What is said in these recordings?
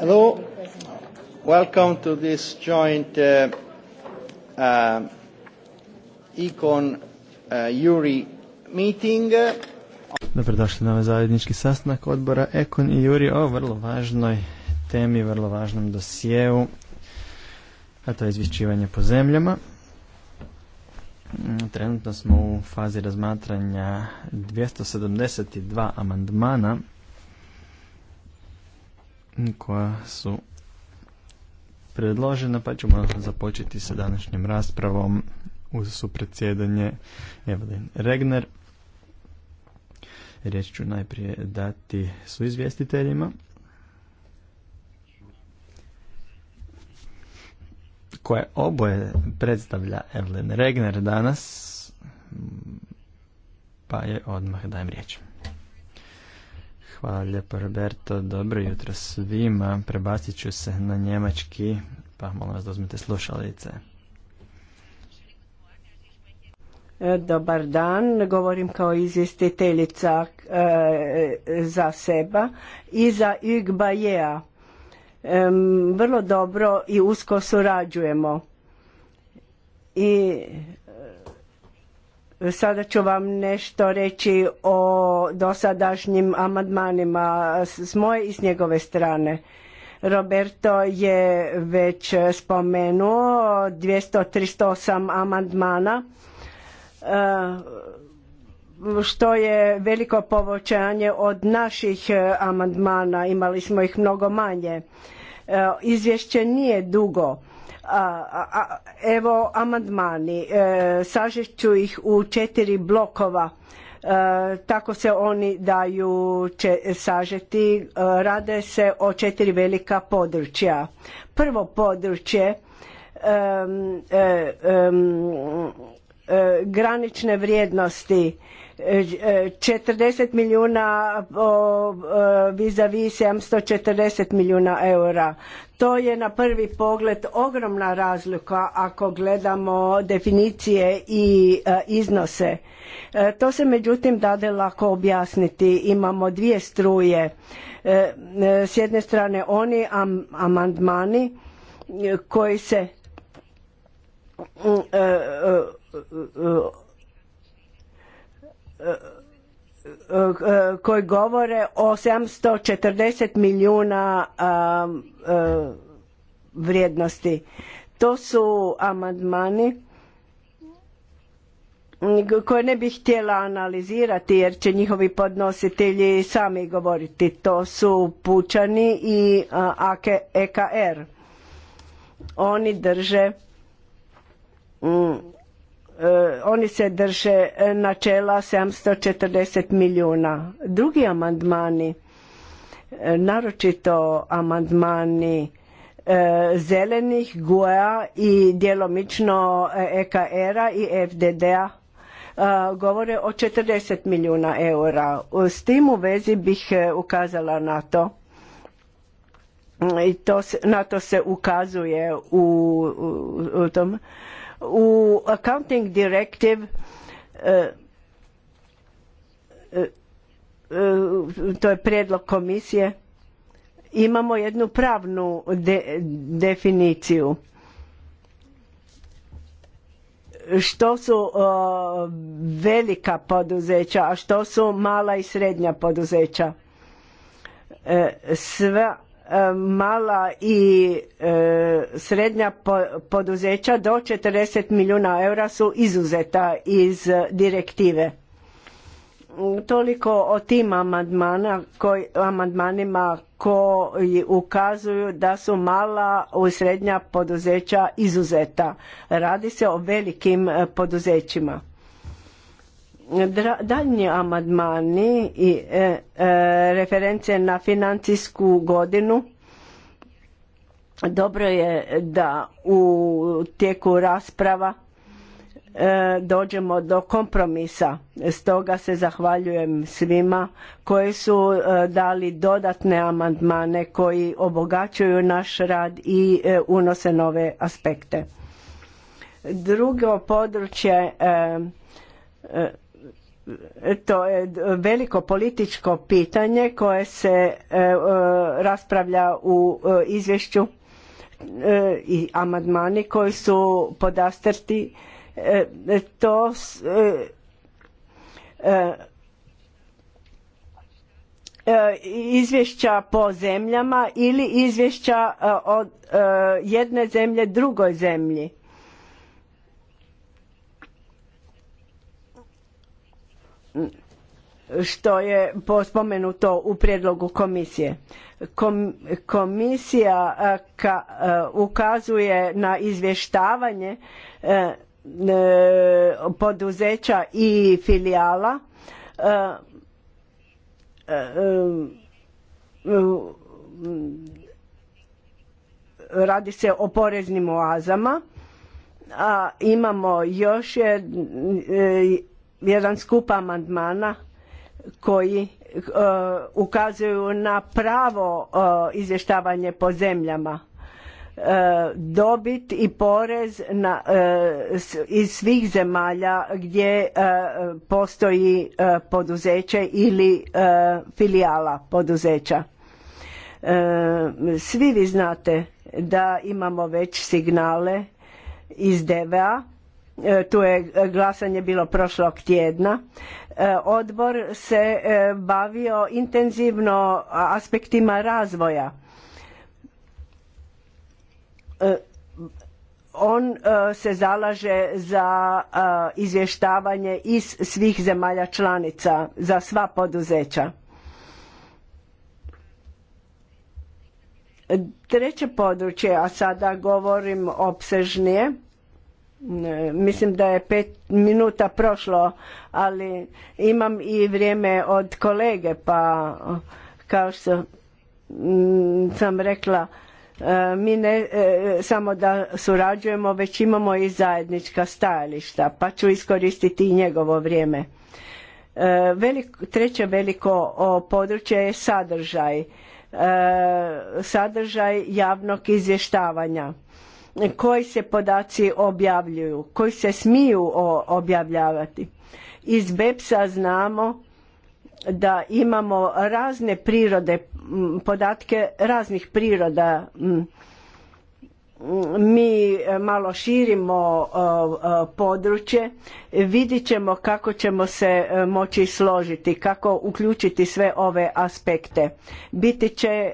Hello, welcome to this joint uh, uh, Econ uh, meeting. Dobrodošli na ovaj zajednički sastanak odbora Econ i Juri o vrlo važnoj temi, vrlo važnom dosjeu, a to je izvješćivanje po zemljama. Mm, trenutno smo u fazi razmatranja 272 amandmana koja su predložena, pa ćemo započeti sa današnjim raspravom uz supredsjedanje Evelin Regner. Riječ ću najprije dati su izvjestiteljima. koje oboje predstavlja Evelyn Regner danas, pa je odmah dajem riječ. Hvala lijepo Roberto, dobro jutro svima, prebacit ću se na njemački, pa molim vas da uzmete slušalice. E, dobar dan, govorim kao izvjestiteljica e, za seba i za Igba Jea vrlo dobro i usko surađujemo. I e, sada ću vam nešto reći o dosadašnjim amandmanima s moje i s njegove strane. Roberto je već spomenuo 238 amandmana e, što je veliko povoćanje od naših e, amandmana imali smo ih mnogo manje Eh, izvješće nije dugo. Evo amandmani. Eh, ću ih u četiri blokova. Eh, tako se oni daju sažeti. Rade se o četiri velika područja. Prvo područje granične vrijednosti 40 milijuna vis-a-vis 740 milijuna eura. To je na prvi pogled ogromna razlika ako gledamo definicije i e, iznose. E, to se međutim dade lako objasniti. Imamo dvije struje. E, s jedne strane oni amandmani koji se koji govore o 740 milijuna vrijednosti. To su amandmani koje ne bih htjela analizirati jer će njihovi podnositelji sami govoriti. To su Pučani i EKR. Oni drže mm, E, oni se drže e, načela 740 milijuna. Drugi amandmani, e, naročito amandmani zelenih, GUA i djelomično EKR-a i FDD-a govore o 40 milijuna eura. S tim u vezi bih ukazala na to i to, na to se ukazuje u, u tom u Accounting Directive e, e, e, to je predlog komisije imamo jednu pravnu definiciju što su velika poduzeća a što su mala i srednja poduzeća sva E, mala i e, srednja poduzeća do 40 milijuna eura su izuzeta iz e, direktive. Mm, toliko o tim amandmanima koji ukazuju da su mala i srednja poduzeća izuzeta. Radi se o velikim poduzećima Daljnji amandmani i e, e, reference na financijsku godinu dobro je da u tijeku rasprava e, dođemo do kompromisa. Stoga se zahvaljujem svima koji su e, dali dodatne amandmane koji obogaćuju naš rad i unose nove aspekte. Drugo područje to je veliko političko pitanje koje se e, e, raspravlja u e, izvješću i amandmani koji su podastrti to izvješća po zemljama ili izvješća od jedne zemlje drugoj zemlji što je spomenuto u prijedlogu komisije. Komisija ukazuje na izvještavanje e, e, poduzeća i filijala radi se o poreznim oazama a imamo još je e, jedan skup amandmana koji uh, ukazuju na pravo uh, izvještavanje po zemljama uh, dobit i porez na, iz svih zemalja gdje postoji poduzeće ili filijala poduzeća svi vi znate da imamo već signale iz DVA E, tu je glasanje bilo prošlog tjedna. E, odbor se e, bavio intenzivno aspektima razvoja. On se zalaže za izvještavanje iz svih zemalja članica za sva poduzeća. Treće područje, a sada govorim opsežnije E, mislim da je pet minuta prošlo, ali imam i vrijeme od kolege, pa kao što mm, sam rekla, e, mi ne e, samo da surađujemo, već imamo i zajednička stajališta, pa ću iskoristiti i njegovo vrijeme. treće veliko područje je sadržaj, sadržaj javnog izvještavanja koji se podaci objavljuju, koji se smiju objavljavati. Iz BEPSA znamo da imamo razne prirode, podatke raznih priroda. Mi e, malo širimo područje, vidit ćemo kako ćemo se e, moći složiti, kako uključiti sve ove aspekte. Biti će e,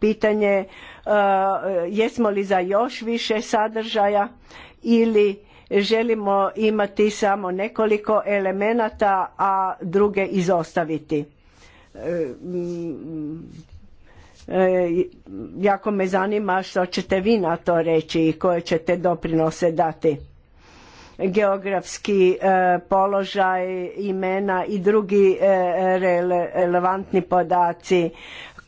pitanje Eh, jesmo li za još više sadržaja ili želimo imati samo nekoliko elemenata a druge izostaviti eh, mm, eh, jako me zanima što ćete vi na to reći i koje ćete doprinose dati geografski položaj imena i drugi relevantni podaci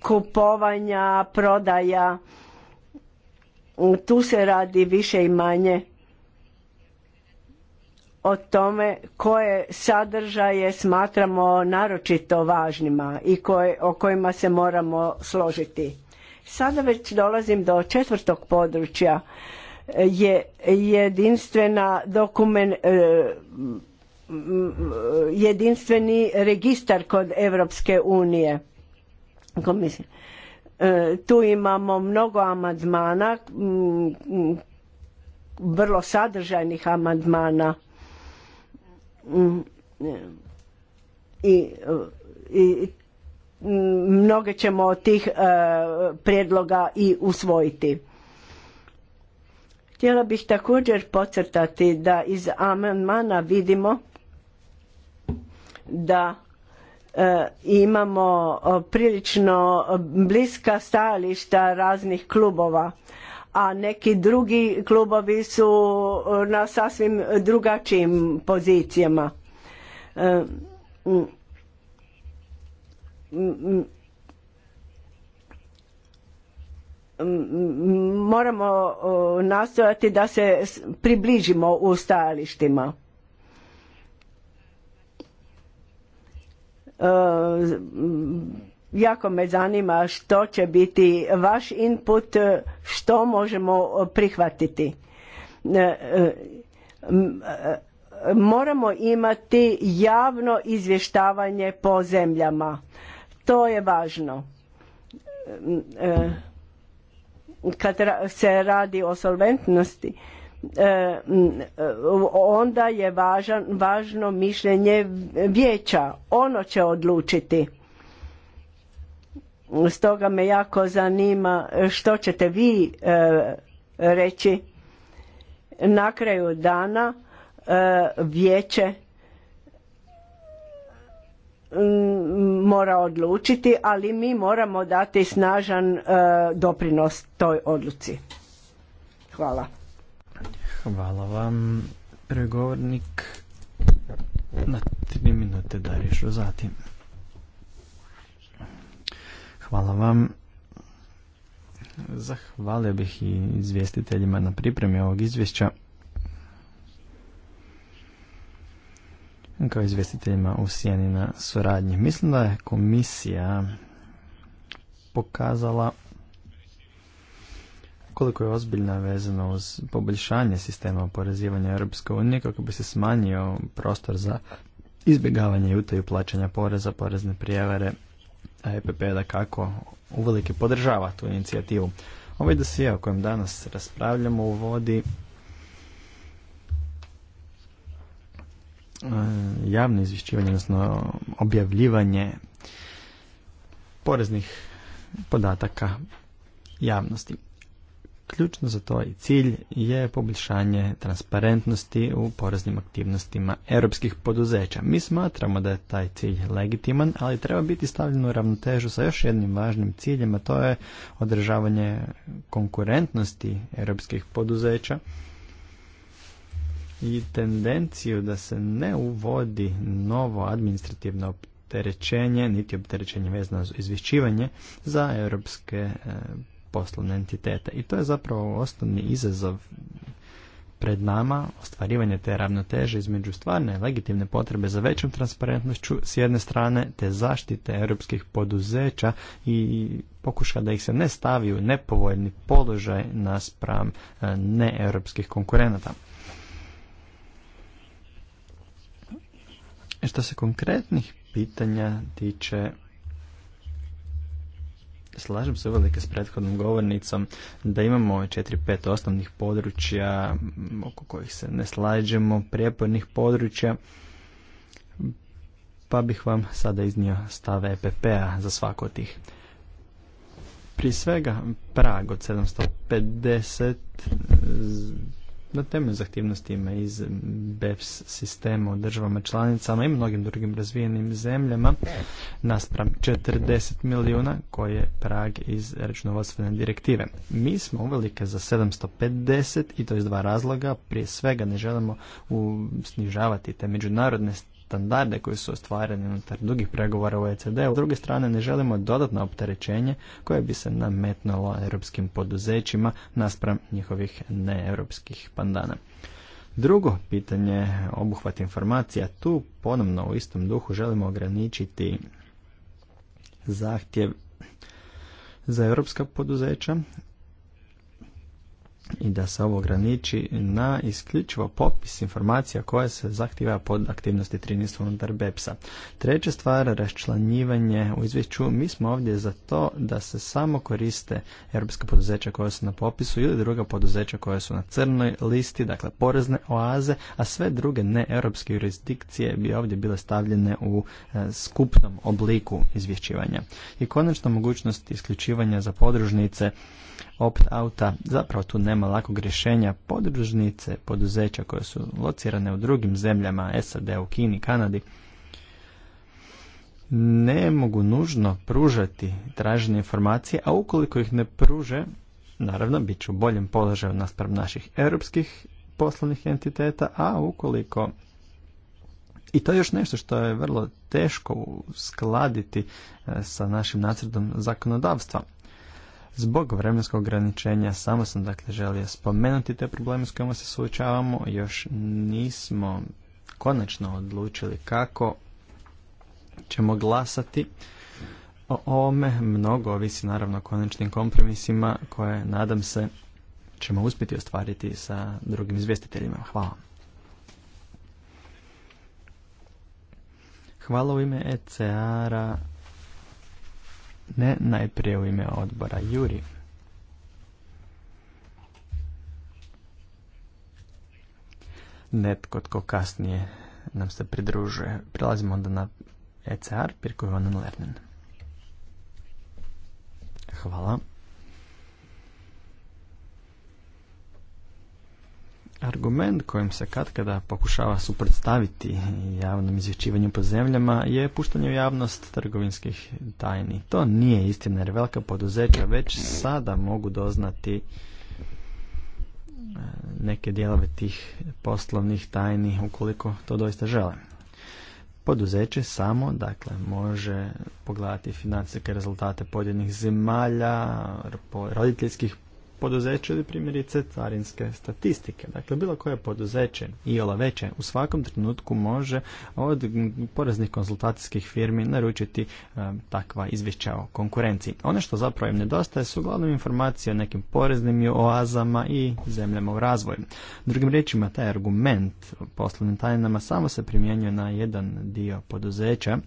kupovanja, prodaja. Tu se radi više i manje o tome koje sadržaje smatramo naročito važnima i koje, o kojima se moramo složiti. Sada već dolazim do četvrtog područja je jedinstvena dokumen, e, jedinstveni registar kod Europske unije komisije. E, tu imamo mnogo amandmana, mm, vrlo sadržajnih amandmana mm, e, i, i mm, mnoge ćemo od tih e, prijedloga i usvojiti. Htjela bih također podcrtati da iz amandmana vidimo da E, imamo e, prilično bliska stajališta raznih klubova a neki drugi klubovi su na sasvim drugačijim pozicijama e, moramo nastojati da se približimo u stajalištima E, jako me zanima što će biti vaš input, e, što možemo prihvatiti. E, moramo imati javno izvještavanje po zemljama. To je važno. Kad se radi o solventnosti, E, e, onda je važan, važno mišljenje vijeća. Ono će odlučiti. Stoga me jako zanima što ćete vi e, reći na kraju dana vijeće mora odlučiti, ali mi moramo dati snažan doprinos toj odluci. Hvala. Hvala vam. Pregovornik na tri minute rišu zatim. Hvala vam. Zahvalio bih i izvjestiteljima na pripremi ovog izvješća. Kao izvjestiteljima u Sjeni na suradnji. Mislim da je komisija pokazala koliko je ozbiljna vezano uz poboljšanje sistema oporezivanja Europske unije kako bi se smanjio prostor za izbjegavanje i utaju plaćanja poreza, porezne prijevare, a EPP da kako uvelike podržava tu inicijativu. Ovaj dosije o kojem danas raspravljamo uvodi e, javno izvješćivanje, odnosno objavljivanje poreznih podataka javnosti. Ključno za to i cilj je poboljšanje transparentnosti u poreznim aktivnostima europskih poduzeća. Mi smatramo da je taj cilj legitiman, ali treba biti stavljen u ravnotežu sa još jednim važnim ciljem, a to je održavanje konkurentnosti europskih poduzeća i tendenciju da se ne uvodi novo administrativno opterećenje, niti opterećenje vezano za izvješćivanje za europske eh, poslovne entitete. I to je zapravo osnovni izazov pred nama, ostvarivanje te ravnoteže između stvarne legitimne potrebe za većom transparentnošću s jedne strane te zaštite europskih poduzeća i pokuša da ih se ne stavi u nepovoljni položaj naspram e, neeuropskih konkurenata. E, što se konkretnih pitanja tiče, Slažem se uvelike s prethodnom govornicom da imamo 4-5 osnovnih područja oko kojih se ne slađemo, prijepornih područja, pa bih vam sada iznio stave EPP-a za svako od tih. Prije svega, prag od 750 na temelju zahtjevnostima iz BEPS sistema u državama članicama i mnogim drugim razvijenim zemljama naspram 40 milijuna koje je prag iz računovodstvene direktive. Mi smo uvelike za 750 i to iz dva razloga. Prije svega ne želimo snižavati te međunarodne standarde koji su ostvareni unutar drugih pregovora u ECD-u. S druge strane, ne želimo dodatno opterećenje koje bi se nametnulo europskim poduzećima naspram njihovih neeuropskih pandana. Drugo pitanje, obuhvat informacija. Tu ponovno u istom duhu želimo ograničiti zahtjev za europska poduzeća i da se ovo ograniči na isključivo popis informacija koja se zahtjeva pod aktivnosti 13 unutar beps Treća stvar, raščlanjivanje u izvješću. Mi smo ovdje za to da se samo koriste europska poduzeća koja su na popisu ili druga poduzeća koja su na crnoj listi, dakle porezne oaze, a sve druge neeuropske jurisdikcije bi ovdje bile stavljene u e, skupnom obliku izvješćivanja. I konačno mogućnost isključivanja za podružnice opt-outa. Zapravo tu nema lakog rješenja. Podružnice poduzeća koje su locirane u drugim zemljama, SAD, u Kini, Kanadi, ne mogu nužno pružati tražene informacije, a ukoliko ih ne pruže, naravno bit ću u boljem položaju naspram naših europskih poslovnih entiteta, a ukoliko i to je još nešto što je vrlo teško uskladiti e, sa našim nacrtom zakonodavstva. Zbog vremenskog ograničenja samo sam dakle želio spomenuti te probleme s kojima se suočavamo. Još nismo konačno odlučili kako ćemo glasati o ovome. Mnogo ovisi naravno o konačnim kompromisima koje nadam se ćemo uspjeti ostvariti sa drugim izvjestiteljima. Hvala. Hvala u ime ECR-a ne, najprije u ime odbora Juri. Netko tko kasnije nam se pridružuje. Prelazimo onda na ECR, Pirko Ivanan Lernen. Hvala. Argument kojim se katkada pokušava suprotstaviti javnom izvješćivanju po zemljama je puštanje u javnost trgovinskih tajni. To nije istina jer velika poduzeća već sada mogu doznati e, neke dijelove tih poslovnih tajni ukoliko to doista žele. Poduzeće samo dakle, može pogledati financijske rezultate pojedinih zemalja, roditeljskih poduzeće ili primjerice carinske statistike. Dakle, bilo koje poduzeće i ola veće u svakom trenutku može od poreznih konsultacijskih firmi naručiti e, takva izvješća o konkurenciji. Ono što zapravo im nedostaje su uglavnom informacije o nekim poreznim oazama i zemljama u razvoju. Drugim riječima, taj argument o poslovnim tajnama samo se primjenjuje na jedan dio poduzeća,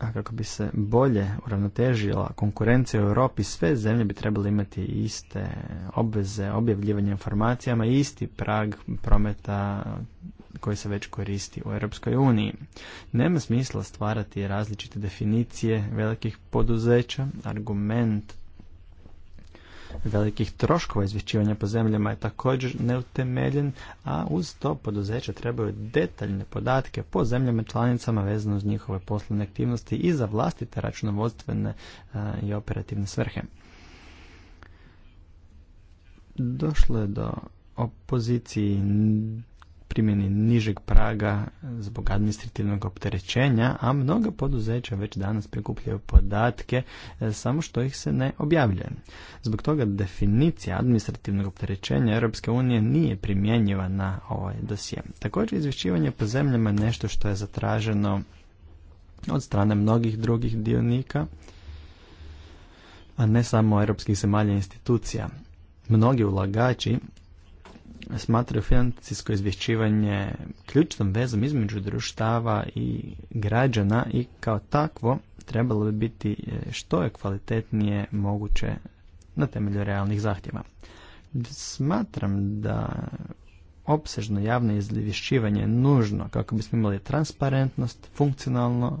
a kako bi se bolje uravnotežila konkurencija u Europi, sve zemlje bi trebale imati iste obveze objavljivanja informacijama isti prag prometa koji se već koristi u Europskoj uniji. Nema smisla stvarati različite definicije velikih poduzeća. Argument velikih troškova izvješćivanja po zemljama je također neutemeljen, a uz to poduzeće trebaju detaljne podatke po zemljama članicama vezano uz njihove poslovne aktivnosti i za vlastite računovodstvene e, i operativne svrhe. Došlo je do opoziciji primjeni nižeg praga zbog administrativnog opterećenja, a mnoga poduzeća već danas prikupljaju podatke e, samo što ih se ne objavljuje. Zbog toga definicija administrativnog opterećenja Europske unije nije primjenjiva na ovaj dosije. Također izvješćivanje po zemljama je nešto što je zatraženo od strane mnogih drugih dionika, a ne samo europskih zemalja institucija. Mnogi ulagači smatraju financijsko izvješćivanje ključnom vezom između društava i građana i kao takvo trebalo bi biti e, što je kvalitetnije moguće na temelju realnih zahtjeva. Smatram da opsežno javno izvješćivanje je nužno kako bismo imali transparentnost, funkcionalno e,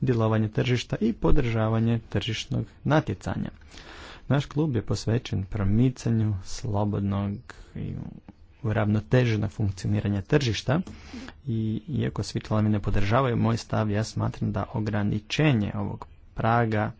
djelovanje tržišta i podržavanje tržišnog natjecanja. Naš klub je posvećen promicanju slobodnog i uravnoteženog funkcioniranja tržišta i iako svi članovi ne podržavaju moj stav, ja smatram da ograničenje ovog praga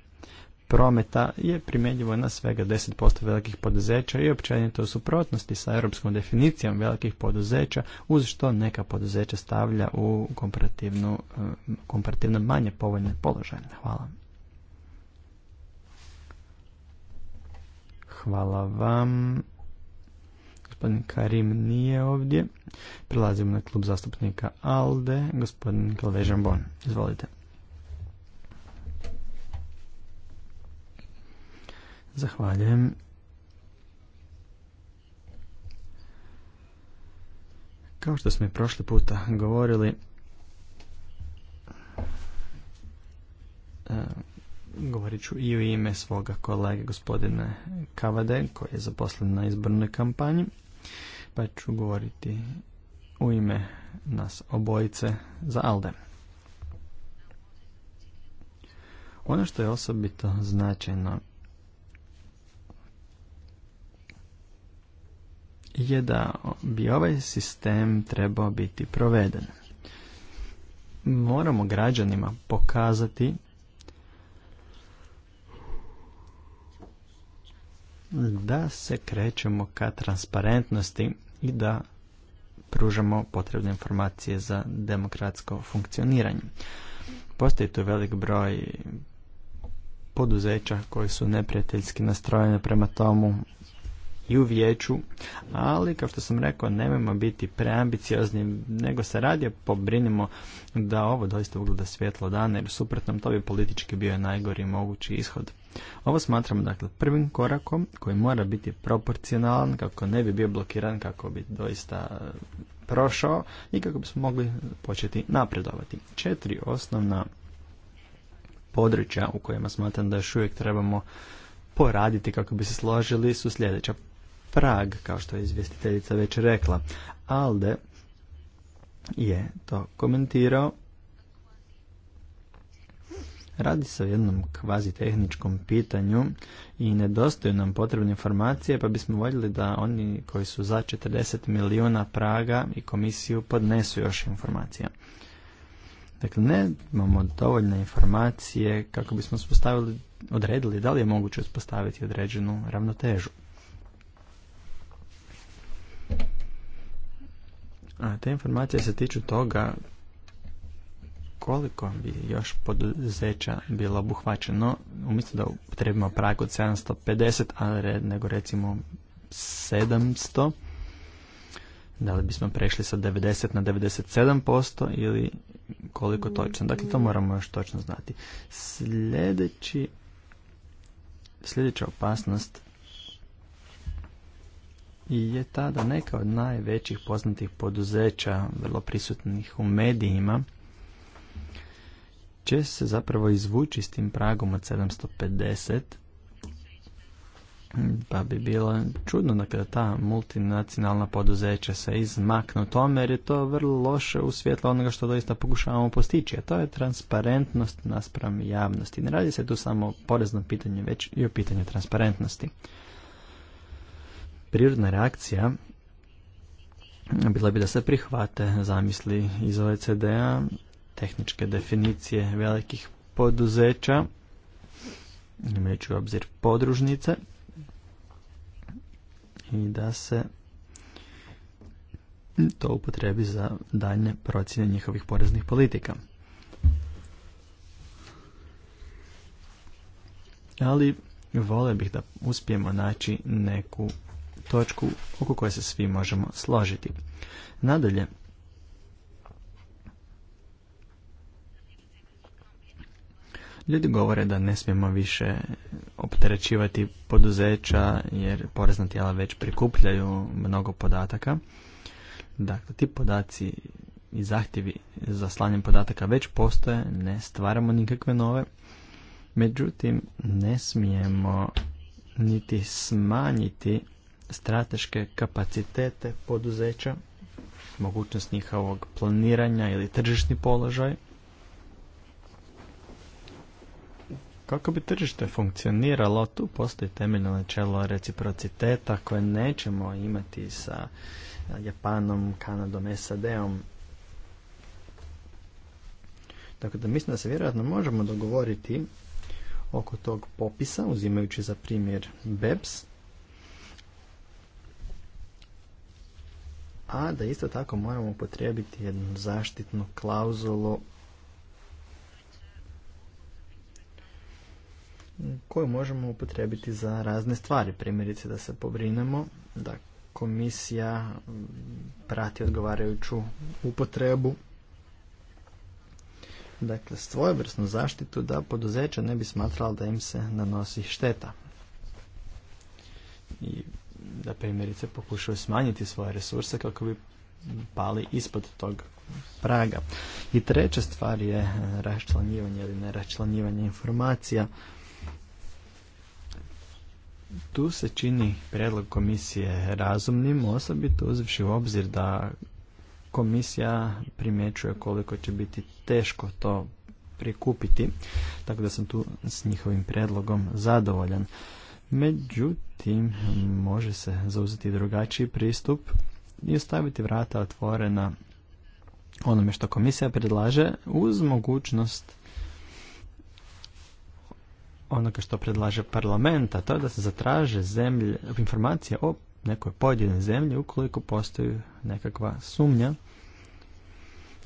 prometa je primjenjivo na svega 10% velikih poduzeća i općenito u suprotnosti sa europskom definicijom velikih poduzeća uz što neka poduzeća stavlja u eh, komparativno manje povoljne položaje. Hvala. Hvala vam. Gospodin Karim nije ovdje. Prelazimo na klub zastupnika ALDE. Gospodin Kalvežan Bon. Izvolite. Zahvaljujem. Kao što smo i prošli puta govorili, e, Govorit ću i u ime svoga kolege gospodine Kavade koji je zaposlen na izbornoj kampanji pa ću govoriti u ime nas obojice za Alde. Ono što je osobito značajno je da bi ovaj sistem trebao biti proveden. Moramo građanima pokazati da se krećemo ka transparentnosti i da pružamo potrebne informacije za demokratsko funkcioniranje. Postoji tu velik broj poduzeća koji su neprijateljski nastrojene prema tomu, i u vijeću, ali kao što sam rekao, nemojmo biti preambiciozni, nego se radije pobrinimo da ovo doista ugleda svjetlo dana, jer suprotno to bi politički bio najgori mogući ishod. Ovo smatramo dakle prvim korakom koji mora biti proporcionalan kako ne bi bio blokiran, kako bi doista prošao i kako bismo mogli početi napredovati. Četiri osnovna područja u kojima smatram da još uvijek trebamo poraditi kako bi se složili su sljedeća prag, kao što je izvjestiteljica već rekla. Alde je to komentirao. Radi se o jednom kvazi tehničkom pitanju i nedostaju nam potrebne informacije pa bismo voljeli da oni koji su za 40 milijuna praga i komisiju podnesu još informacija. Dakle, ne imamo dovoljne informacije kako bismo uspostavili, odredili da li je moguće uspostaviti određenu ravnotežu. A te informacije se tiču toga koliko bi još poduzeća bilo obuhvaćeno, umjesto da trebimo prag od 750, ali nego recimo 700, da li bismo prešli sa 90 na 97% ili koliko točno. Dakle, to moramo još točno znati. Sljedeći, sljedeća opasnost i je tada neka od najvećih poznatih poduzeća, vrlo prisutnih u medijima, će se zapravo izvući s tim pragom od 750, pa bi bilo čudno da kada ta multinacionalna poduzeća se izmaknu tome, jer je to vrlo loše u svjetlo onoga što doista pokušavamo postići, a to je transparentnost naspram javnosti. Ne radi se tu samo o poreznom pitanju, već i o pitanju transparentnosti prirodna reakcija bila bi da se prihvate zamisli iz OECD-a, tehničke definicije velikih poduzeća, imajući u obzir podružnice, i da se to upotrebi za daljne procjene njihovih poreznih politika. Ali vole bih da uspijemo naći neku točku oko koje se svi možemo složiti. Nadalje, ljudi govore da ne smijemo više opterećivati poduzeća jer porezna tijela već prikupljaju mnogo podataka. Dakle, ti podaci i zahtjevi za slanjem podataka već postoje, ne stvaramo nikakve nove. Međutim, ne smijemo niti smanjiti strateške kapacitete poduzeća, mogućnost njihovog planiranja ili tržišni položaj. Kako bi tržište funkcioniralo, tu postoji temeljno načelo reciprociteta koje nećemo imati sa Japanom, Kanadom, SAD-om. Tako da mislim da se vjerojatno možemo dogovoriti oko tog popisa, uzimajući za primjer BEPS, a da isto tako moramo potrebiti jednu zaštitnu klauzulu koju možemo upotrijebiti za razne stvari. Primjerice da se pobrinemo da komisija prati odgovarajuću upotrebu dakle svojevrsnu zaštitu da poduzeća ne bi smatrala da im se nanosi šteta. I da primjerice pokušaju smanjiti svoje resurse kako bi pali ispod tog praga. I treća stvar je eh, raščlanjivanje ili neraščlanjivanje informacija. Tu se čini predlog komisije razumnim, osobito uzevši u obzir da komisija primjećuje koliko će biti teško to prikupiti, tako da sam tu s njihovim predlogom zadovoljan. Međutim, može se zauzeti drugačiji pristup i ostaviti vrata otvorena onome što komisija predlaže uz mogućnost onoga što predlaže parlament, a to je da se zatraže zemlje, informacije o nekoj pojedinoj zemlji ukoliko postoji nekakva sumnja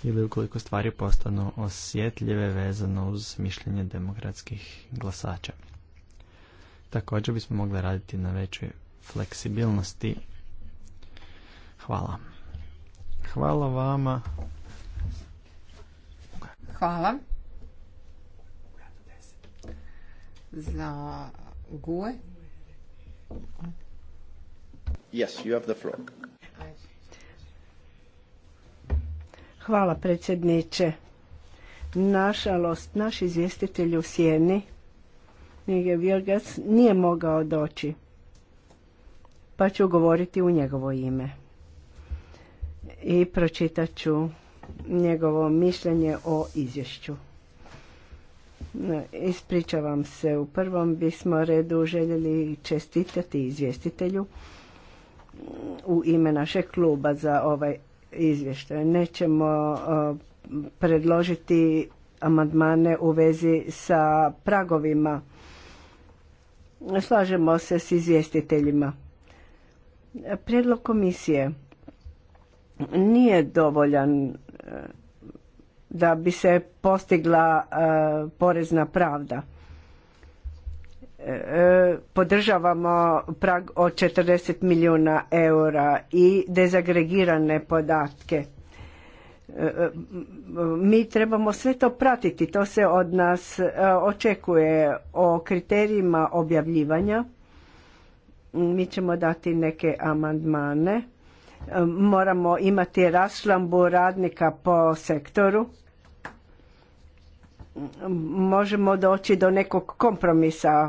ili ukoliko stvari postanu osjetljive vezano uz mišljenje demokratskih glasača. Također bismo mogli raditi na većoj fleksibilnosti. Hvala. Hvala vama. Hvala. Za Gue. Yes, you have the Hvala predsjedniče. Nažalost, naš izvjestitelj u Sjeni Knjige Vilgas nije mogao doći, pa ću govoriti u njegovo ime. I pročitat ću njegovo mišljenje o izvješću. Ispričavam se, u prvom bismo redu željeli čestitati izvjestitelju u ime našeg kluba za ovaj izvještaj. Nećemo predložiti amandmane u vezi sa pragovima Slažemo se s izvjestiteljima. Prijedlog komisije nije dovoljan e, da bi se postigla e, porezna pravda. E, podržavamo prag od 40 milijuna eura i dezagregirane podatke mi trebamo sve to pratiti, to se od nas e, očekuje o kriterijima objavljivanja. Mi ćemo dati neke amandmane. E, moramo imati raslambu radnika po sektoru. Možemo doći do nekog kompromisa e,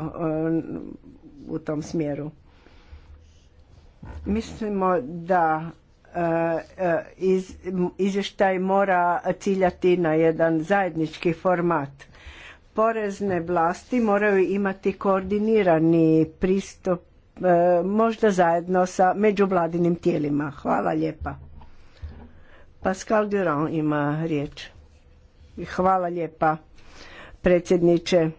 u tom smjeru. Mislimo da E, e, izvještaj mora ciljati na jedan zajednički format. Porezne vlasti moraju imati koordinirani pristup e, možda zajedno sa međuvladinim tijelima. Hvala lijepa. Pascal Durand ima riječ. Hvala lijepa predsjedniče.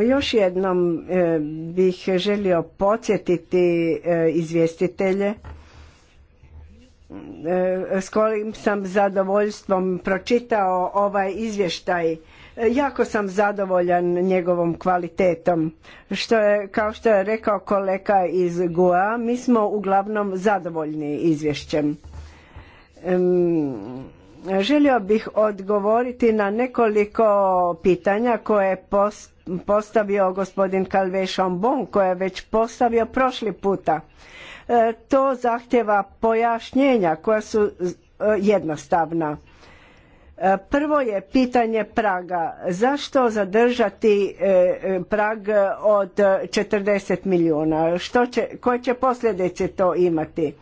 Još jednom e, bih želio podsjetiti e, izvjestitelje e, s kojim sam zadovoljstvom pročitao ovaj izvještaj. Jako sam zadovoljan njegovom kvalitetom. Što je, kao što je rekao kolega iz GUA, mi smo uglavnom zadovoljni izvješćem. želio bih odgovoriti na nekoliko pitanja koje pos postavio gospodin Calvé Chambon koje je već postavio prošli puta. E, to zahtjeva pojašnjenja koja su e, jednostavna. E, prvo je pitanje praga. Zašto zadržati prag od 40 milijuna? Što će, koje će posljedice to imati?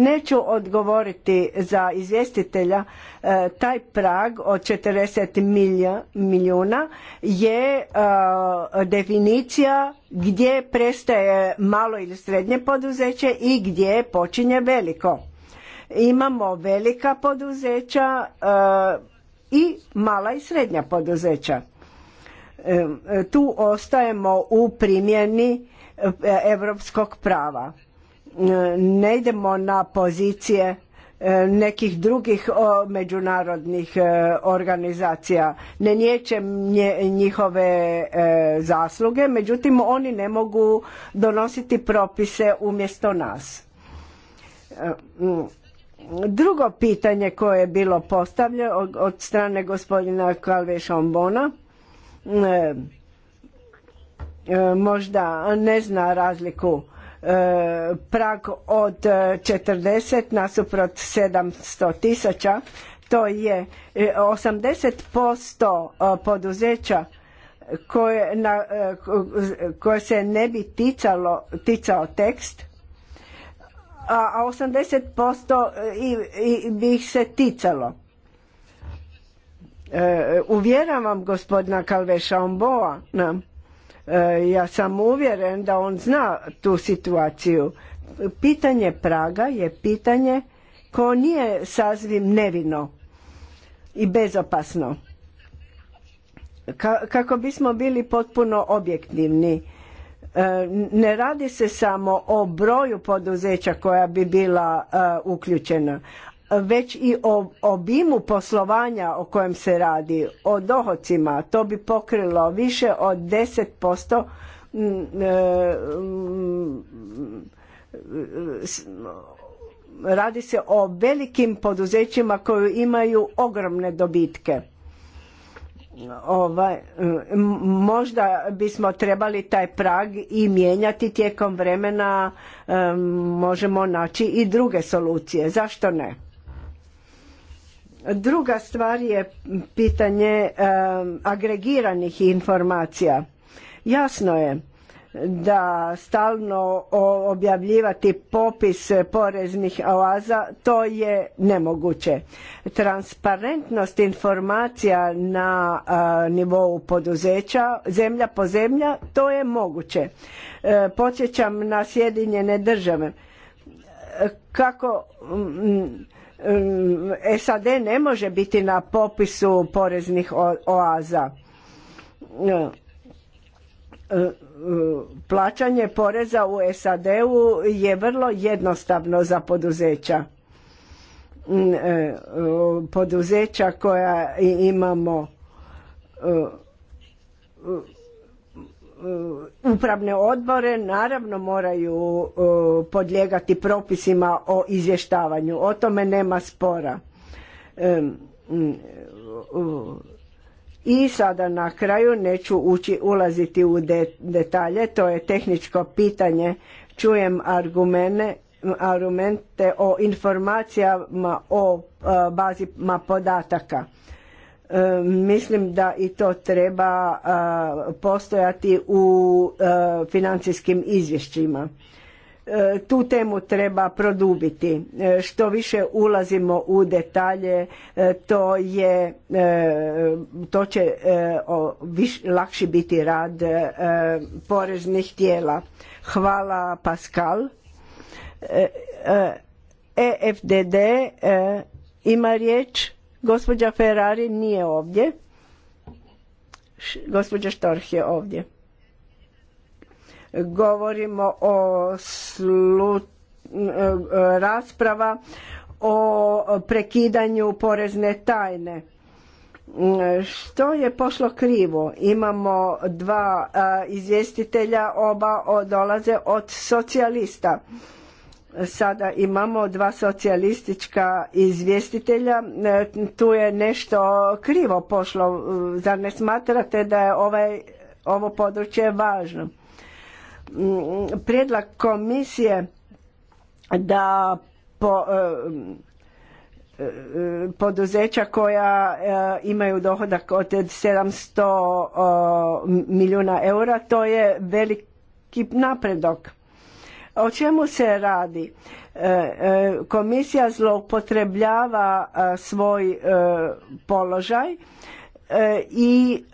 Neću odgovoriti za izvjestitelja, e, taj prag od 40 milijuna je e, definicija gdje prestaje malo ili srednje poduzeće i gdje počinje veliko. Imamo velika poduzeća e, i mala i srednja poduzeća. Tu ostajemo u primjeni europskog prava ne idemo na pozicije e, nekih drugih međunarodnih e, organizacija. Ne niječem njihove e, zasluge, međutim oni ne mogu donositi propise umjesto nas. Drugo pitanje koje je bilo postavljeno od strane gospodina Kalve Šombona, možda ne zna razliku E, prag od 40 e, nasuprot 700 tisuća, to je 80% e, poduzeća koje, na, koje se ne bi ticalo, ticao tekst, a 80% i, bi ih se ticalo. E, uvjeravam gospodina Kalveša Omboa, E, ja sam uvjeren da on zna tu situaciju. Pitanje Praga je pitanje ko nije sazvim nevino i bezopasno. kako bismo bili potpuno objektivni, e, ne radi se samo o broju poduzeća koja bi bila e, uključena već i o obimu poslovanja o kojem se radi, o dohocima, to bi pokrilo više od 10% mm, e, mm, e, radi se o velikim poduzećima koji imaju ogromne dobitke. Ovaj, možda bismo trebali taj prag i mijenjati tijekom vremena, e, možemo naći i druge solucije, zašto ne? Druga stvar je pitanje agregiranih informacija. Jasno je da stalno objavljivati popis poreznih oaza, to je nemoguće. Transparentnost informacija na nivou poduzeća, zemlja po zemlja, to je moguće. E, podsjećam na Sjedinjene države. E, kako... Mm, SAD ne može biti na popisu poreznih oaza. Mm, mm, plaćanje poreza u SAD-u je vrlo jednostavno za poduzeća. E, poduzeća koja imamo E, upravne odbore naravno moraju e, podlijegati propisima o izvještavanju. O tome nema spora. E, I sada na kraju neću ući ulaziti u detalje, to je tehničko pitanje. Čujem argumente argumente o informacijama o bazima podataka. E, mislim da i to treba e, postojati u e, financijskim izvješćima. Tu temu treba produbiti. Što više ulazimo u detalje, to, je, to će lakši biti rad poreznih tijela. Hvala Pascal. EFDD ima riječ. Gospođa Ferrari nije ovdje. Gospođa Štorh je ovdje. Govorimo o e, rasprava o prekidanju porezne tajne. Što je pošlo krivo? Imamo dva e, izvjestitelja, oba dolaze od socijalista. Sada imamo dva socijalistička izvjestitelja. E, tu je nešto krivo pošlo. Zar ne smatrate da je ovaj, ovo područje važno? Mm, prijedlog komisije da po, e, e, poduzeća koja imaju dohodak od 700 milijuna eura, to je veliki napredak. O čemu se radi? E, e, komisija zloupotrebljava e, svoj položaj i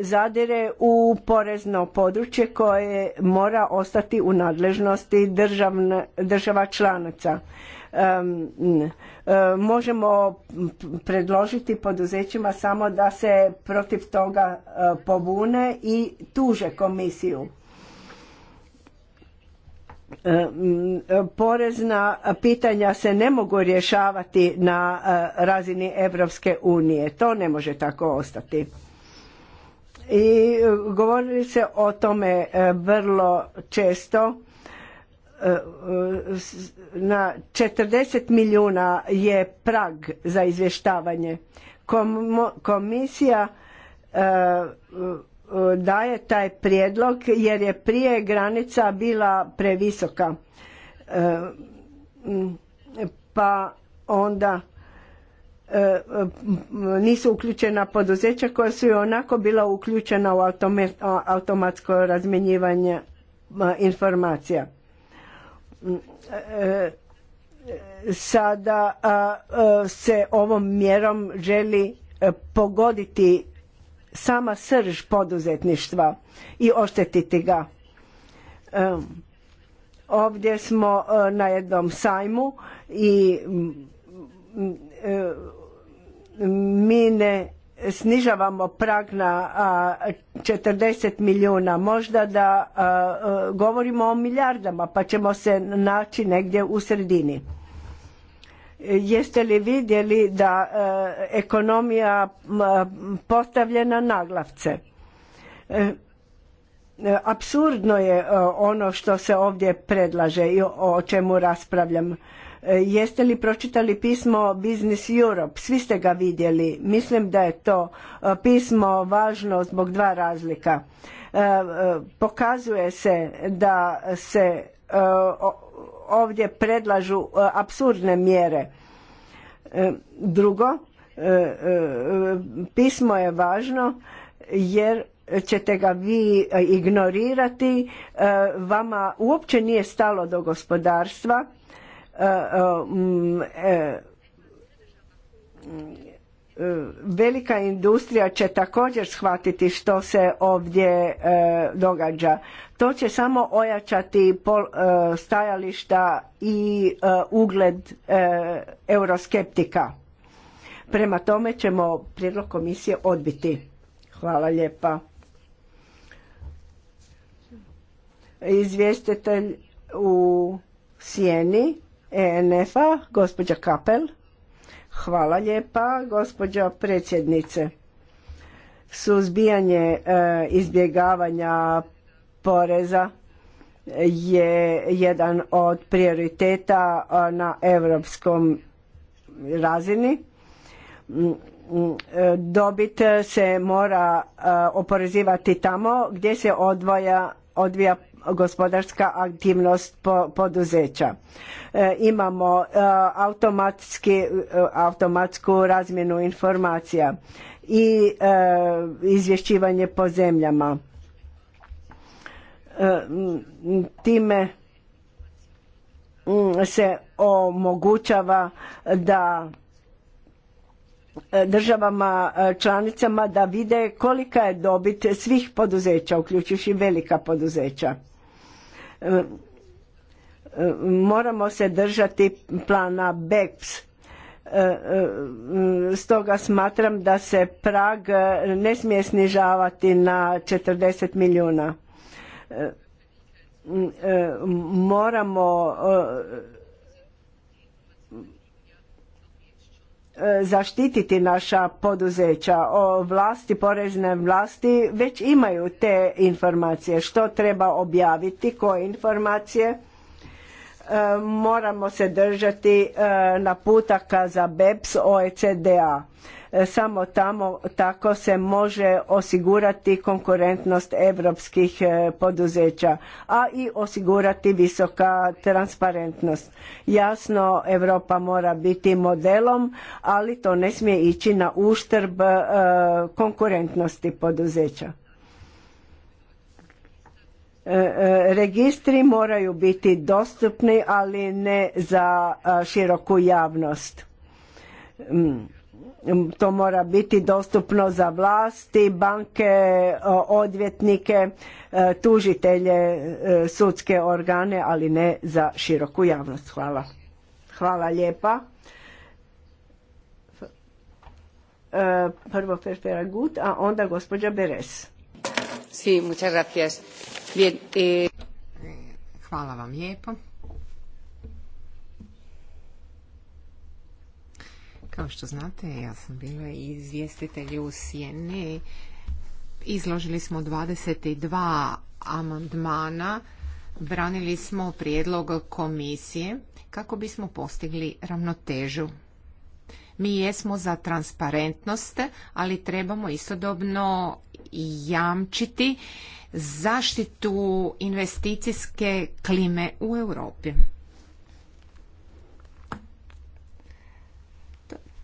zadire u porezno područje koje mora ostati u nadležnosti država članica. Možemo predložiti poduzećima samo da se protiv toga pobune i tuže komisiju E, porezna pitanja se ne mogu rješavati na e, razini Europske unije. To ne može tako ostati. I e, govorili se o tome vrlo često. Na 40 milijuna je prag za izvještavanje. Komisija daje taj prijedlog jer je prije granica bila previsoka. E, pa onda e, nisu uključena poduzeća koja su i onako bila uključena u automatsko razmjenjivanje e, informacija. Sada se ovom mjerom želi pogoditi sama srž poduzetništva i oštetiti ga. Ovdje smo e, na jednom sajmu i e, mi ne snižavamo prag na 40 milijuna, možda da e, govorimo o milijardama pa ćemo se naći negdje u sredini. Jeste li vidjeli da e, ekonomija postavljena naglavce? E, e, apsurdno je ono što se ovdje predlaže i o čemu raspravljam. Jeste li pročitali pismo Business Europe? Svi ste ga vidjeli. Mislim da je to pismo važno zbog dva razlika. Pokazuje se da se ovdje predlažu e, apsurdne mjere. E, drugo, e, pismo je važno jer ćete ga vi ignorirati, vama uopće nije stalo do gospodarstva, velika industrija će također shvatiti što se ovdje događa. To će samo ojačati pol, e, stajališta i e, ugled e, euroskeptika. Prema tome ćemo prijedlog komisije odbiti. Hvala lijepa. Izvjestitelj u sjeni ENF-a, gospođa Kapel. Hvala lijepa, gospođa predsjednice. Suzbijanje izbjegavanja poreza je jedan od prioriteta na evropskom razini. Mm, mm, dobit se mora oporezivati tamo gdje se odvoja, odvija gospodarska aktivnost poduzeća. E, imamo automatski, e, automatsku razmjenu informacija i e, izvješćivanje po zemljama time se omogućava da e, državama e, članicama da vide kolika je dobit svih poduzeća, uključujući velika poduzeća. E, moramo se držati plana BEPS. Stoga smatram da se prag ne smije snižavati na 40 milijuna moramo e, e, zaštititi naša poduzeća o vlasti, porezne vlasti već imaju te informacije što treba objaviti, koje informacije e, moramo se držati na naputaka za BEPS OECDA. a samo tamo tako se može osigurati konkurentnost europskih e, poduzeća, a i osigurati visoka transparentnost. Jasno, Europa mora biti modelom, ali to ne smije ići na uštrb e, konkurentnosti poduzeća e, registri moraju biti dostupni ali ne za široku javnost mm to mora biti dostupno za vlasti, banke, odvjetnike, e, tužitelje, e, sudske organe, ali ne za široku javnost. Hvala. Hvala lijepa. E, prvo Ferfera Gut, a onda gospođa Beres. Eh, Hvala vam lijepo. Kao što znate, ja sam bila i izvjestitelj u Sjeni. Izložili smo 22 amandmana. Branili smo prijedlog komisije kako bismo postigli ravnotežu. Mi jesmo za transparentnost, ali trebamo istodobno jamčiti zaštitu investicijske klime u Europi.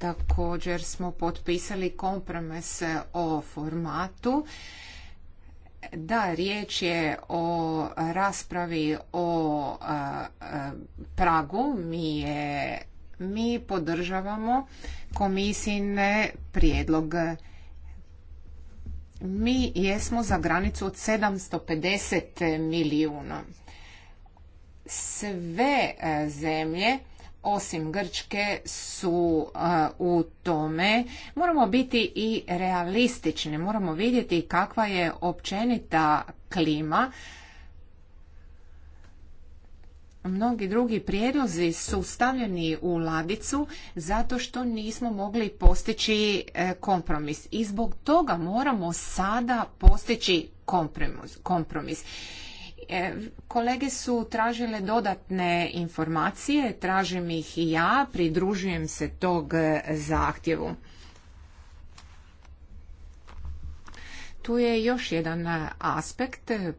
Također smo potpisali kompromis o formatu. Da, riječ je o raspravi o pragu. Mi, je, mi podržavamo komisijne prijedlog. Mi jesmo za granicu od 750 milijuna. Sve e, zemlje osim Grčke su u tome. Moramo biti i realistični, moramo vidjeti kakva je općenita klima. Mnogi drugi prijedlozi su stavljeni u ladicu zato što nismo mogli postići e, kompromis i zbog toga moramo sada postići kompromis. kompromis. E, kolege su tražile dodatne informacije, tražim ih i ja, pridružujem se tog e, zahtjevu. Tu je još jedan aspekt e,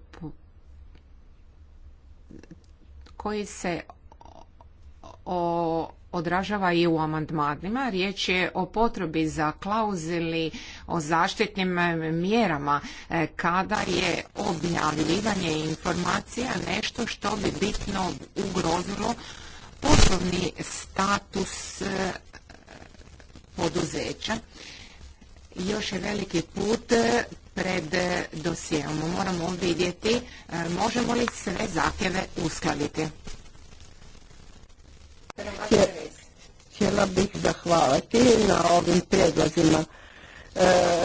koji se o, odražava i u amandmanima. Riječ je o potrebi za klauzili o zaštitnim eh, mjerama eh, kada je objavljivanje informacija nešto što bi bitno ugrozilo poslovni status eh, poduzeća. Još je veliki put pred dosijevom. Moramo vidjeti možemo li sve zahtjeve uskladiti. Htjela bih zahvaliti na ovim prijedlozima. E,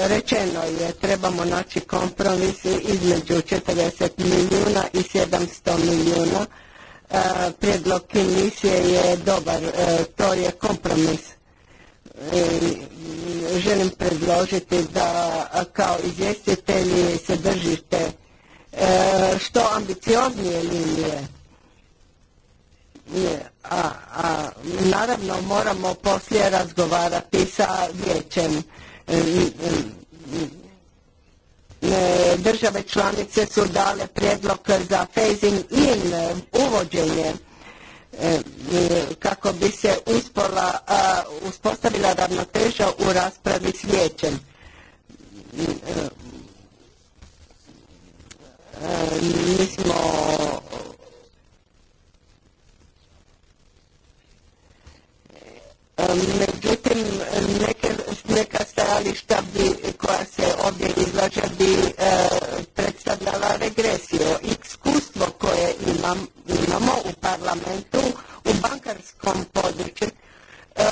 rečeno je trebamo naći kompromis između 40 milijuna i 700 milijuna. E, prijedlog komisije je dobar, e, to je kompromis. Želim predložiti da kao izvjestitelji se držite što ambicioznije linije a, a naravno moramo poslije razgovarati sa vijećem. E, e, države članice su dale prijedlog za phasing in uvođenje e, kako bi se uspola, uspostavila ravnoteža u raspravi s vijećem. Mi smo Međutim, neka stajališta koja se ovdje izlaže bi e, predstavljala regresiju. Iskustvo koje imamo u parlamentu u bankarskom području e,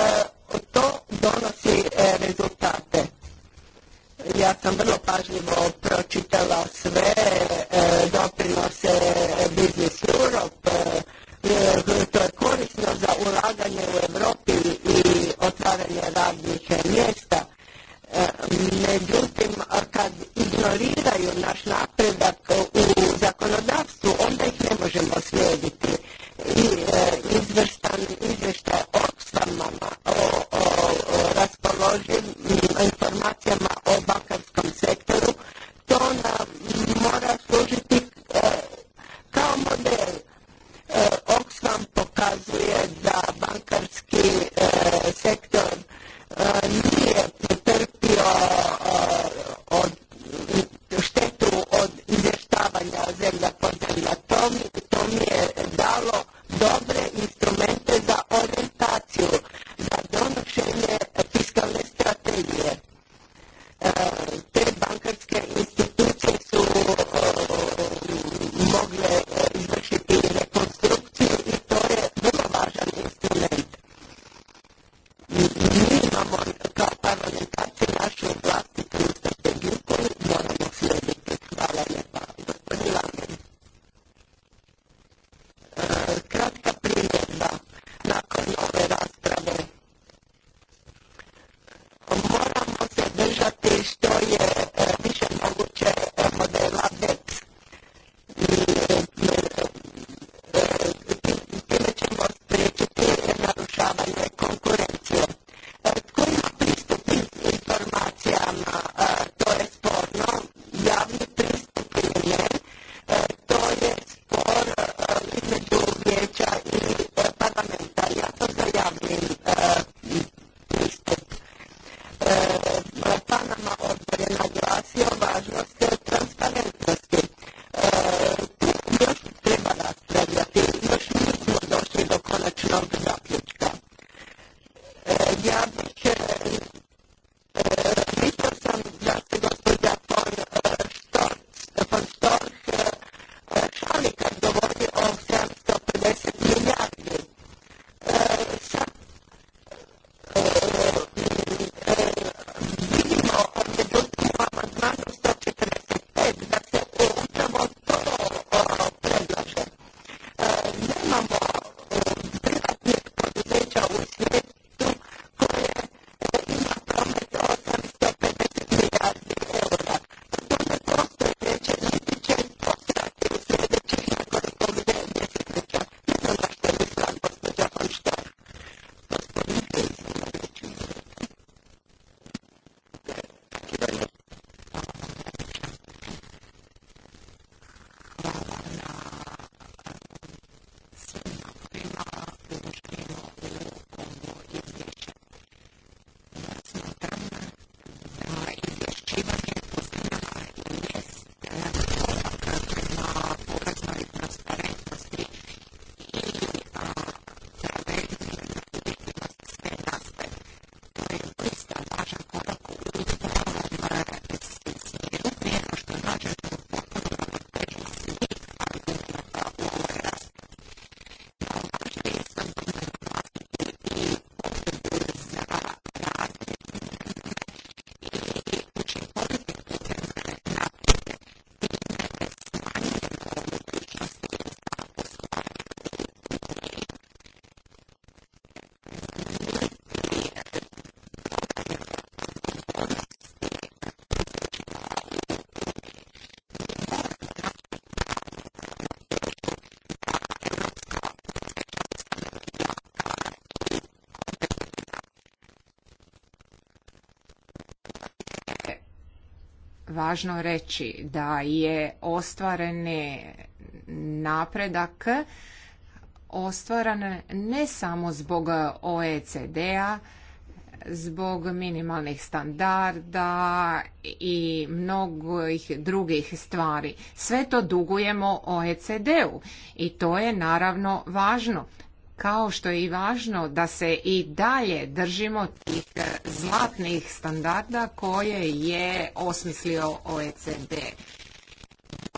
to donosi e, rezultate. Ja sam vrlo pažljivo pročitala sve doprinose Business Europe, to je korisna za ulaganje u Europi i otvaranje radnih mjesta. E, međutim, kad ignoriraju naš napredak u zakonodavstvu, onda ih ne možemo slijediti. I e, izvrstan izvještaj o, o, o raspoloživim informacijama o bankarskom sektoru, to nam mora služiti e, kao model sam pokazuje da bankarski e, sektor e, nije pretrpio e, od, štetu od izvještavanja zemlja po zemlja. to mi je dalo važno reći da je ostvareni napredak ostvaran ne samo zbog OECD-a, zbog minimalnih standarda i mnogih drugih stvari. Sve to dugujemo OECD-u i to je naravno važno kao što je i važno da se i dalje držimo tih eh, zlatnih standarda koje je osmislio OECD.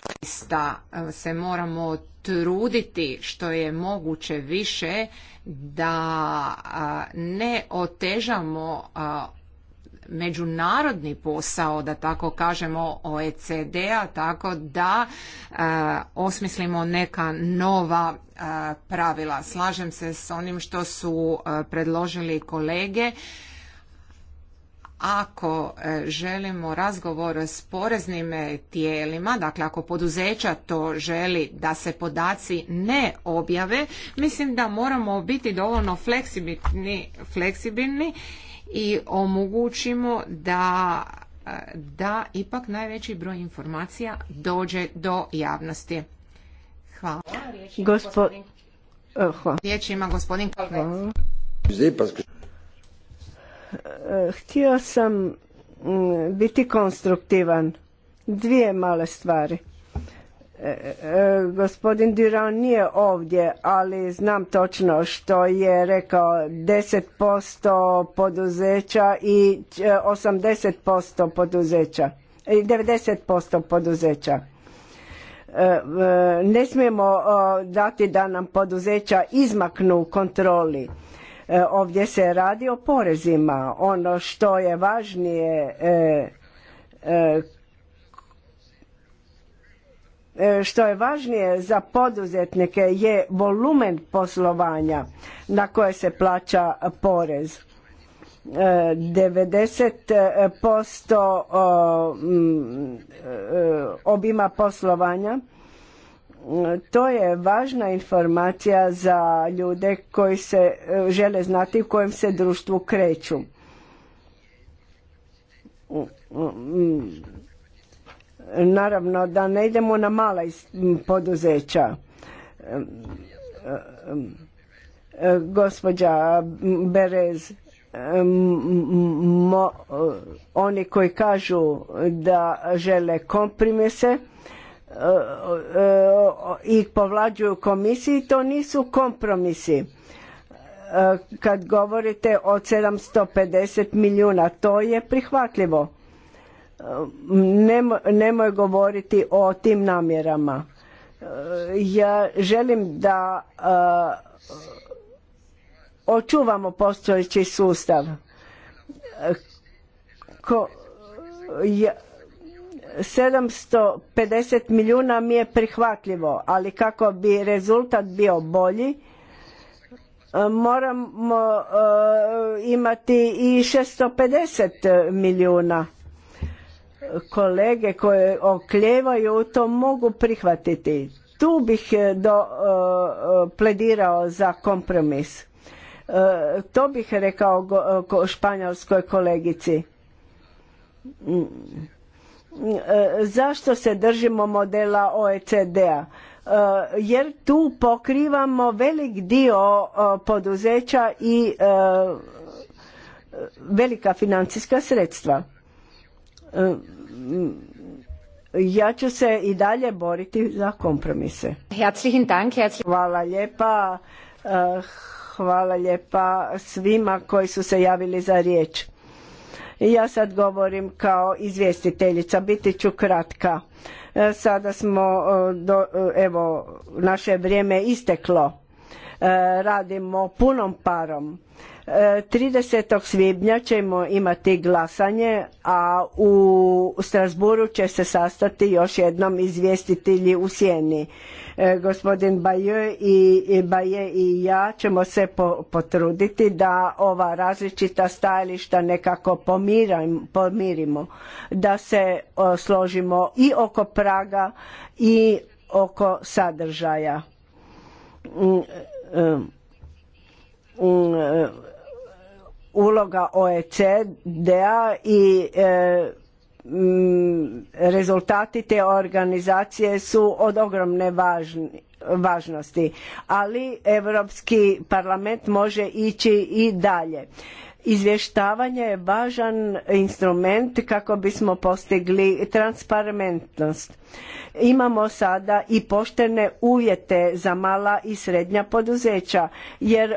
Doista eh, se moramo truditi što je moguće više da eh, ne otežamo međunarodni posao, da tako kažemo, OECD-a, tako da e, osmislimo neka nova e, pravila. Slažem se s onim što su e, predložili kolege. Ako e, želimo razgovor s poreznim tijelima, dakle ako poduzeća to želi da se podaci ne objave, mislim da moramo biti dovoljno fleksibilni, fleksibilni i omogućimo da da ipak najveći broj informacija dođe do javnosti. Hvala. E, Riječ ima gospodin, e, Htio sam mm, biti konstruktivan. Dvije male stvari. Gospodin Duran nije ovdje, ali znam točno što je rekao 10% poduzeća i 80% e, poduzeća i 90% poduzeća. E, e, ne smijemo dati da nam poduzeća izmaknu kontroli. Ovdje se radi o porezima. Ono što je važnije E, što je važnije za poduzetnike je volumen poslovanja na koje se plaća porez. 90% e, e, obima poslovanja to je važna informacija za ljude koji se žele znati u kojem se društvu kreću Naravno da ne idemo na mala poduzeća. Gospođa Berez, oni koji kažu da žele kompromise, e, e, i povlađuju komisiji, to nisu kompromisi. E, kad govorite o 750 milijuna, to je prihvatljivo nemoj govoriti o tim namjerama. E, ja želim da e, očuvamo postojeći sustav. E, ko, ja, 750 milijuna mi je prihvatljivo, ali kako bi rezultat bio bolji, moramo imati i 650 milijuna kolege koje okljevaju to mogu prihvatiti. Tu bih eh, do, eh, eh, pledirao za kompromis. To bih rekao španjolskoj kolegici. Mm. Zašto se držimo modela OECD-a? jer tu pokrivamo velik dio poduzeća i velika financijska sredstva. E, ja ću se i dalje boriti za kompromise. Hvala lijepa, e, hvala lijepa svima koji su se javili za riječ. Ja sad govorim kao izvjestiteljica, biti ću kratka. E, sada smo, do, evo, naše vrijeme isteklo. Radimo punom parom 30. svibnja ćemo imati glasanje, a u Strasburu će se sastati još jednom izvjestitelji u sjeni. E, gospodin Baje i, Baje i ja ćemo se potruditi da ova različita stajališta nekako pomirimo, da se složimo i oko praga i oko sadržaja. Mm, e, e, mm, uloga OECD-a i e, mm, rezultati te organizacije su od ogromne važnosti ali europski parlament može ići i dalje Izvještavanje je važan instrument kako bismo postigli transparentnost. Imamo sada i poštene uvjete za mala i srednja poduzeća jer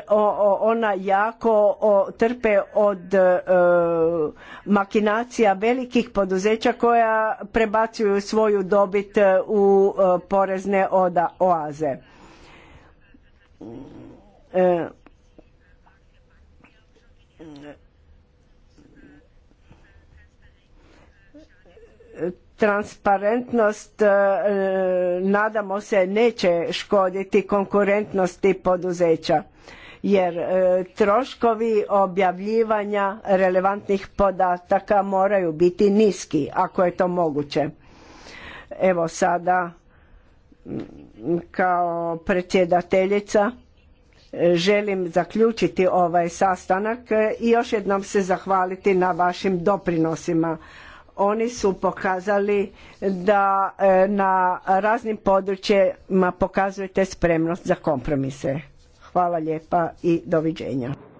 ona jako trpe od e, makinacija velikih poduzeća koja prebacuju svoju dobit e, u e, porezne oaze transparentnost e, nadamo se neće škoditi konkurentnosti poduzeća jer e, troškovi objavljivanja relevantnih podataka moraju biti niski ako je to moguće. Evo sada kao predsjedateljica želim zaključiti ovaj sastanak i još jednom se zahvaliti na vašim doprinosima oni su pokazali da e, na raznim područjima pokazujete spremnost za kompromise. Hvala lijepa i doviđenja.